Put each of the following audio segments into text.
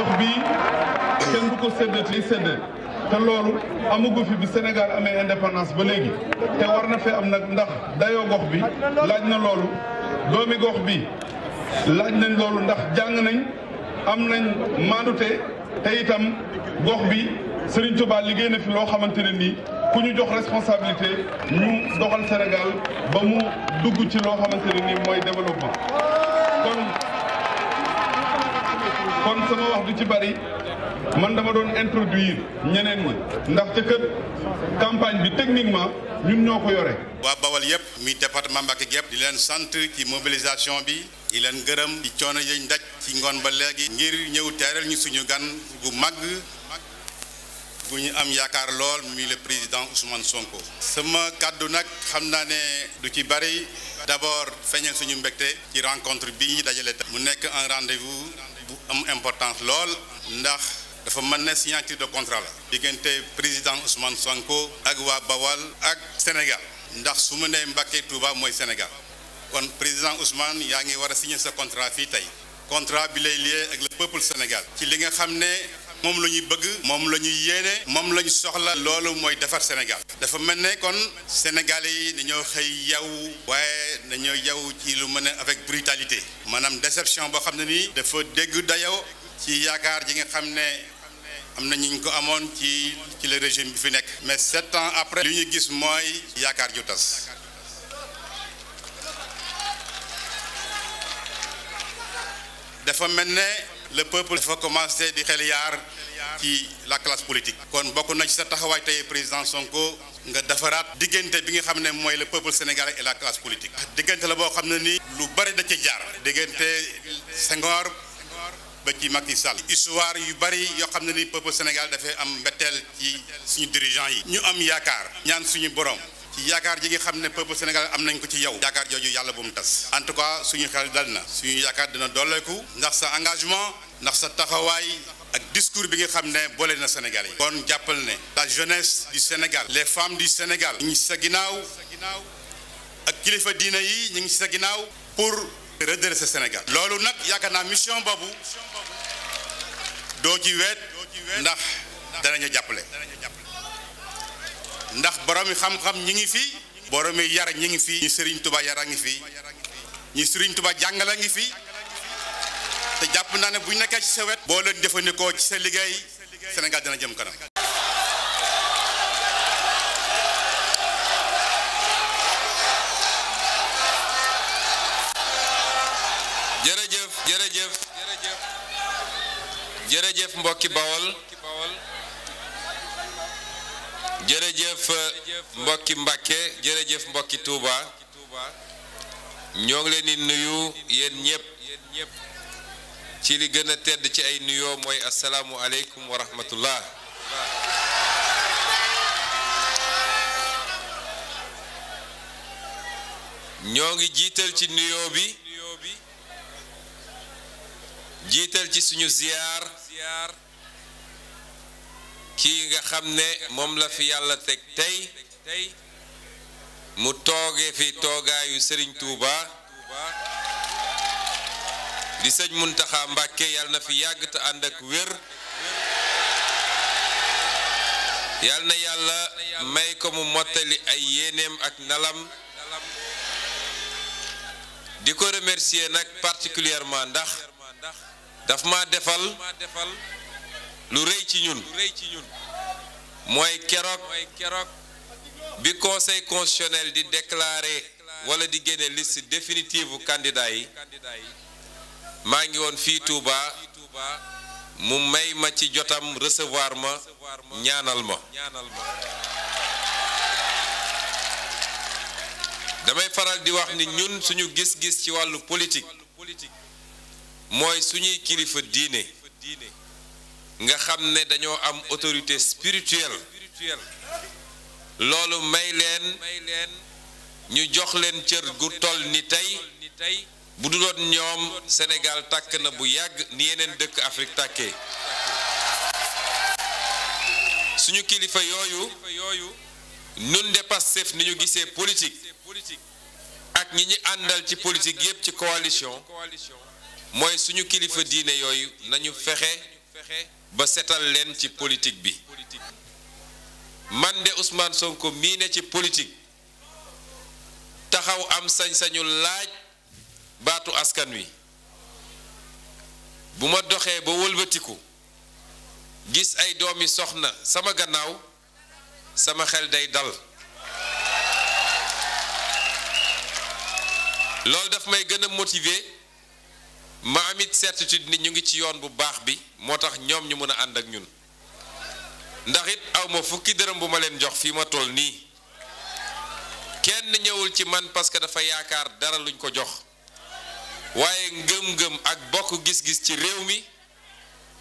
gox bii kenn du ko séddati séddee te loolu amugu fi bi Sénégal amee indépendance ba léegi te war na fee am nag ndax dayoo gox bi laaj na loolu doomi gox bi laaj nañ loolu ndax jàng nañ am nañ maandute te itam gox bi Serigne Touba liggéey na fi loo xamante ne nii ku ñu jox responsabilité ñu doxal Sénégal ba mu dugg ci loo xamante ne nii mooy développement kon sama wax du ci bari man dama doon introduire ñeneen ñi ndaxte kët campagne bi techniquement ñun ñoo ko yore. waa Bawal yëpp muy département Mbacké gépp di leen sant ci mobilisation bi di leen gërëm di coono yañ daj ci ngoon ba léegi ngir ñëw teeral ñu suñu gan gu mag bu ñu am yaakaar lool muy le président Ousmane Sonko. sama kàddu nag xam naa ne du ci bari d'abord feeñal suñu mbégte ci rencontre bi dajalee dajale. mu nekk un rendez-vous. bu am importance lool ndax dafa mën na signature de contrat la diggante président Ousmane Sonko ak waa Bawal ak Sénégal ndax su mu nee Mbacké Touba mooy Sénégal kon président Ousmane yaa ngi war a signer sa contrat fii tey contrat bi lay lié ak le peuple Sénégal ci li nga xam ne moom la ñuy bëgg moom la ñuy yéene moom la ñu soxla loolu mooy defar Sénégal dafa mel ne kon Sénégalais yi dañoo xëy yaw waaye dañoo yaw ci lu mën a avec brutalité maanaam déception boo xam ne nii dafa dégg dayoo ci yaakaar ji nga xam ne. am na ñu ko amoon ci ci le régime bi fi nekk mais sept ans après lu ñu gis mooy yaakaar ju tas dafa mel ne le peuple dafa commencé di xel yaar ci la classe politique. kon bokk na ci sa taxawaay tey président Sonko nga defaraat diggante bi nga xam ne mooy le peuple sénégalais et la classe politique. diggante la boo xam ne nii. lu bari da ci jaar. diggante Senghor ba ci Macky Sall. histoire yu bari yoo xam ne ni peuple Sénégal dafay am mbetteel ci suñu dirigeants yi. ñu am yaakaar. ñaan suñu borom. ci yaakaar ji ngi xam ne peuple Sénégal am nañ ko ci yow yaakaar jooju yàlla bu mu tas en tout cas suñu xel dal na suñu yaakaar dina dolleeku ndax sa engagement ndax sa taxawaay ak discours bi nga xam ne boole na Sénégal yi kon jàppal ne la jeunesse du Sénégal les femmes du Sénégal ñu ngi sa ginnaaw ak kilifa diina yi ñu ngi sa ginnaaw pour redresser Sénégal loolu nag yaakaar naa mission boobu doo ci weet ndax danañu jàppale ndax boromi xam-xam ñi ngi fi boromi yar ñi ngi fi ñi sëriñ yar a ngi fi ñi sëriñ tubaa tuba a ngi fi te jàpp naa ne bu ñu ci sa wet boo leen jëfandikoo ci sa liggéey Sénégal dina jëm kanam jërëjëf jërëjëf jërëjëf mbokki Bawol jërëjëf uh, mbokki Mbàkke jërëjëf mbokki Touba ñoo ngi leen nuyu yéen ñëpp ci li gën a tedd ci ay nuyoo mooy asalaamualeykum wa rahmatullah ñoo ngi jiital ci nuyoo bi jiital ci suñu ziyaar ci nga xam ne moom la fi yàlla teg tey mu tooge fi toogaayu Serigne Touba di sëñ Muntaxa Mbàkke yàlla na fi yàgg te ànd ak wér yàlla na yàlla may ko mu mottali ay yéeneem ak ndalam di ko remercier nag particulièrement ndax daf ma defal lu rëy ci ñun mooy keroog bi conseil constitutionnel di déclarer wala di génne liste définitive candidat yi maa ngi woon fii Touba mu may ma ci jotam recevoir ma ñaanal ma damay faral di wax ni ñun suñu gis-gis ci wàllu politique mooy suñuy kilifa diine nga xam ne dañoo am autorité spirituelle loolu may leen ñu jox leen cër gu toll ni tey bu du doon ñoom Sénégal tàkk na bu yàgg ni yeneen dëkk Afrique tàkkee suñu kilifa yooyu nun de Pastef ni ñu gisee politique ak ñi ñu àndal ci politique yépp ci coalition mooy suñu kilifa diine yooyu nañu fexe ba setal leen ci politik bi man de usmaan Sonko mii ne ci politique taxaw am sañ-sañu laaj baatu askan wi bu ma doxee ba wëlbatiku gis ay doomi soxna sama gannaaw sama xel day dal loolu daf may gën a motiver ma amit certitude ni ñu ngi ci yoon bu baax bi moo tax ñoom ñu mën a ànd ak ñun ndax it aw fukki dërëm bu ma leen jox fii ma toll nii kenn ñëwul ci man parce que dafa yaakaar dara luñ ko jox waaye ngëm-ngëm ak bokk gis-gis ci réew mi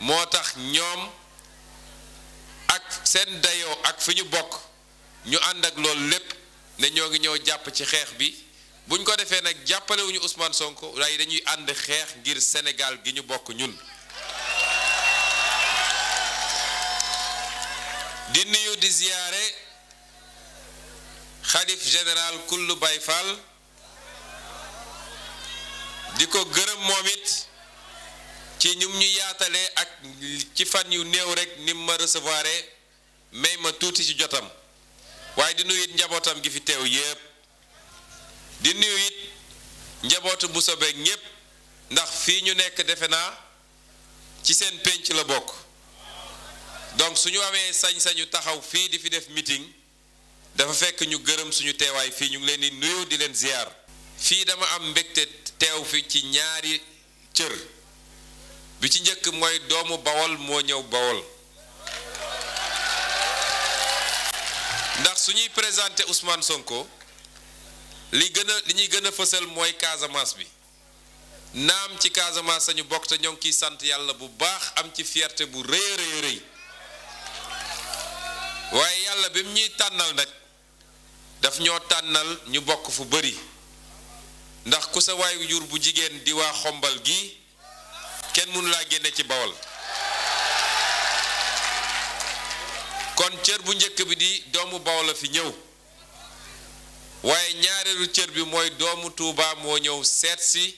moo tax ñoom ak seen dayoo ak fi ñu bokk ñu ànd ak loolu lépp ne ñoo ngi ñëw jàpp ci xeex bi buñ ko defee nag jàppalewuñu usmaan Sonko waaye dañuy ànd xeex ngir Sénégal gi ñu bokk ñun di nuyu di ziyaare xalif général kullu bay Fall di ko gërëm moom it ci ñu ñu yaatale ak ci fan yu néew rek ni ma recevoir may ma tuuti ci jotam waaye di nuyu it njabootam gi fi teew yépp di nuyu it njabootu bu sobeek ñépp ndax fii ñu nekk defe naa ci seen pénc la bokk donc suñu amee sañ-sañu taxaw fii di fi def meeting dafa fekk ñu gërëm suñu teewaay fii ñu ngi leen di nuyu di leen ziyaar fii dama am mbégte teew fi ci ñaari cër bi ci njëkk mooy doomu bawol moo ñëw bawol ndax suñuy présenté Ousmane Sonko li gën a li ñuy gën a fësal mooy Casamance bi naam ci Casamance sañu bokk te ñoo ngi ciy sant yàlla bu baax am ci fierté bu rëy rëy rëy waaye yàlla bi mu ñuy tànnal nag daf ñoo tànnal ñu bokk fu bari ndax ku sa waayu jur bu jigéen di waa xombal gi kenn mënu laa génne ci bawal kon cër bu njëkk bi di doomu bawol a fi ñëw waaye ñaareelu cër bi mooy doomu Touba moo ñëw seet si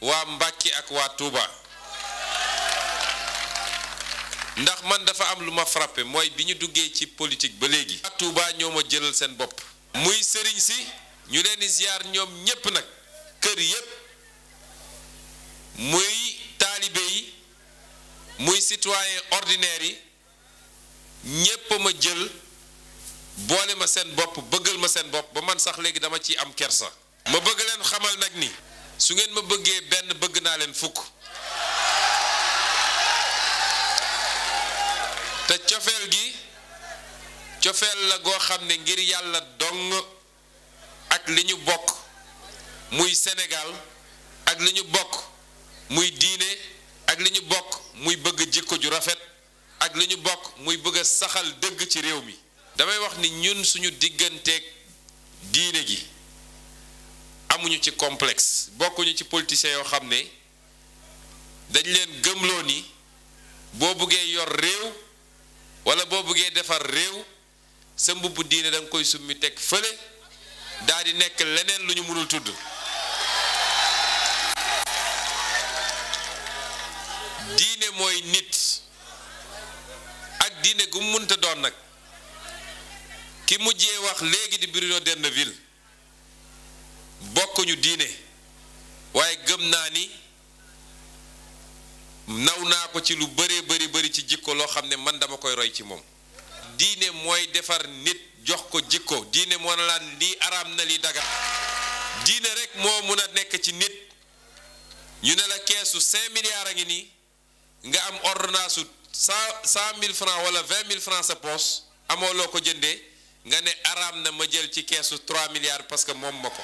waa Mbàkke ak waa tuuba ndax man dafa am lu ma frappé mooy bi ñu duggee ci politik ba léegi. waa Touba ñoo ma jëlal seen bopp. muy sëriñ si ñu leen di ziar ñoom ñépp nag kër yépp muy taalibe yi muy citoyen ordinaire yi ñépp ma jël. boole ma seen bopp bëggal ma seen bopp ba man sax léegi dama ciy am kersa ma bëgg leen xamal nag ni su ngeen ma bëggee benn bëgg naa leen fukk te cofeel gi cofeel la goo xam ne ngir yàlla dong ak li ñu bokk muy senegal ak li ñu bokk muy diine ak li ñu bokk muy bëgg jikko ju rafet ak li ñu bokk muy bëgg saxal dëgg ci réew mi damay wax ni ñun suñu digganteeg diine gi amuñu ci complexe bokkuñu ci politiciens yoo xam ne dañ leen gëmloo ni boo buggee yor réew wala boo bëggee defar réew sa mbubb diine da koy summi teg fële daldi nekk leneen lu ñu mënul tudd diine mooy nit ak diine gu mu mënta doon nag ki mujjee wax léegi di Bruno D'erneville bokkuñu diine waaye gëm naa ni naw naa ko ci lu bëree bëri bëri ci jikko loo xam ne man dama koy roy ci moom diine mooy defar nit jox ko jikko diine moo na laan lii araam na lii daga diine rek moo mun a nekk ci nit ñu ne la keesu cinq milliards a ngi nii nga am ordonnance su cent cent mille francs wala vingt mille francs sa poos amoo loo ko jëndee nga ne araam na ma jël ci keesu 3 milliards parce que moom ma ko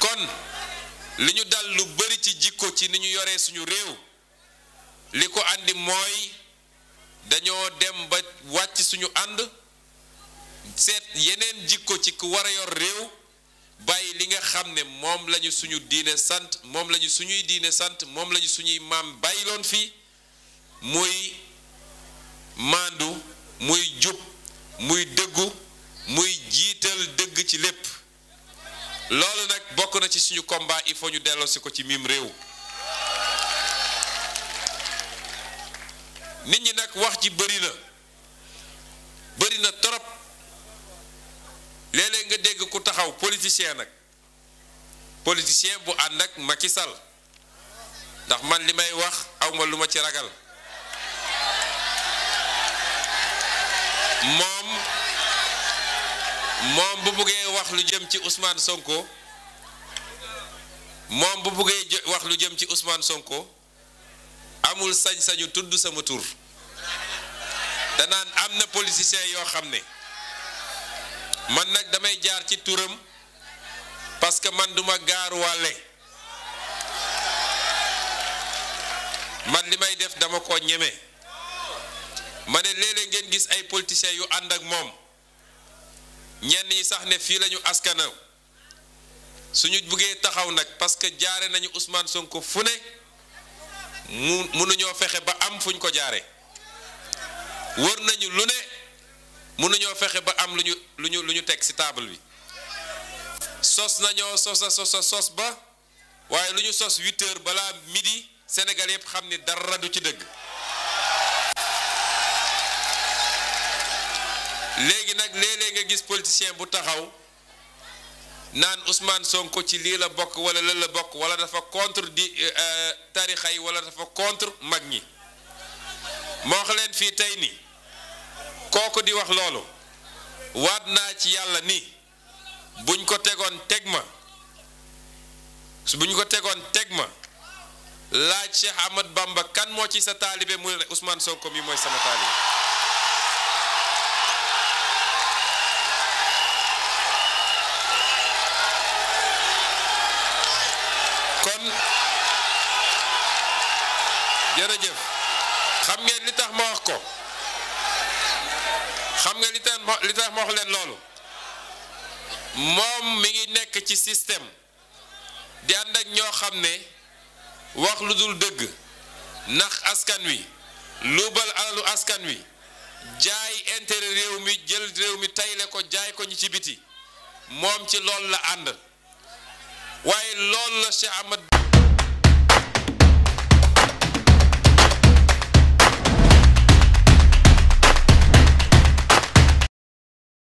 kon li ñu dal lu bari ci jikko ci ni ñu yore suñu réew li ko andi mooy dañoo dem ba wàcc suñu ànd seet yeneen jikko ci ku war a yor réew bàyyi li nga xam ne moom lañu suñu diine sant moom lañu suñuy diine sant moom lañu suñuy maam bàyyiloon fii muy maandu muy jub muy dëggu muy jiital dëgg ci lépp loolu nag bokk na ci suñu combat il faut ñu delloosi ko ci miim réew nit ñi nag wax ci bëri na bëri na torop léeg nga dégg ku taxaw politicien nag politicien bu ànd ak Macky Sall ndax man li may wax awma lu ma ci ragal moom moom bu buggee wax lu jëm ci Ousmane Sonko moom bu buggee wax lu jëm ci Ousmane Sonko amul sañ-sañu tudd sama tur danaan am na politicien yoo xam ne man nag damay jaar ci turam parce que man duma gaaruwàlle man li may def dama ko ñeme ma ne léeg ngeen gis ay politiciens yu ànd ak moom ñenn yi sax ne fii la ñu askanaw suñu bëggee taxaw nag parce que jaare nañu Ousmane Sonko fu ne mu mënuñoo fexe ba am fuñ ko jaare wër nañu lu ne mënuñoo fexe ba am luñu ñu lu ñu lu ñu teg ci table bi sos nañoo sosa sosa sos ba waaye luñu sos huit heures balaa midi Sénégal yëpp xam ni dara du ci dëgg léegi nag léeg nga gis politicien bu taxaw naan Ousmane Sonko ci lii la bokk wala lël la bokk wala dafa contre di euh, euh, tarixay yi wala dafa contre mag ñi moo xa leen fii tey ni kooku di wax loolu waat naa ci yàlla ni buñ ko tegoon teg ma buñ ko tegoon teg ma laaj Cheikh Ahmad Bamba kan moo ci sa taalibe mu ne Ousmane Sonko mi mooy sama taalibe ma li tax ma leen loolu moom mi ngi nekk ci système di ànd ak ñoo xam ne wax lu dul dëgg nax askan wi luubal alalu askan wi jaay intere réew mi jël réew mi tayle ko jaay ko ci biti moom ci loolu la ànd waaye loolu la Cheikh Ahmad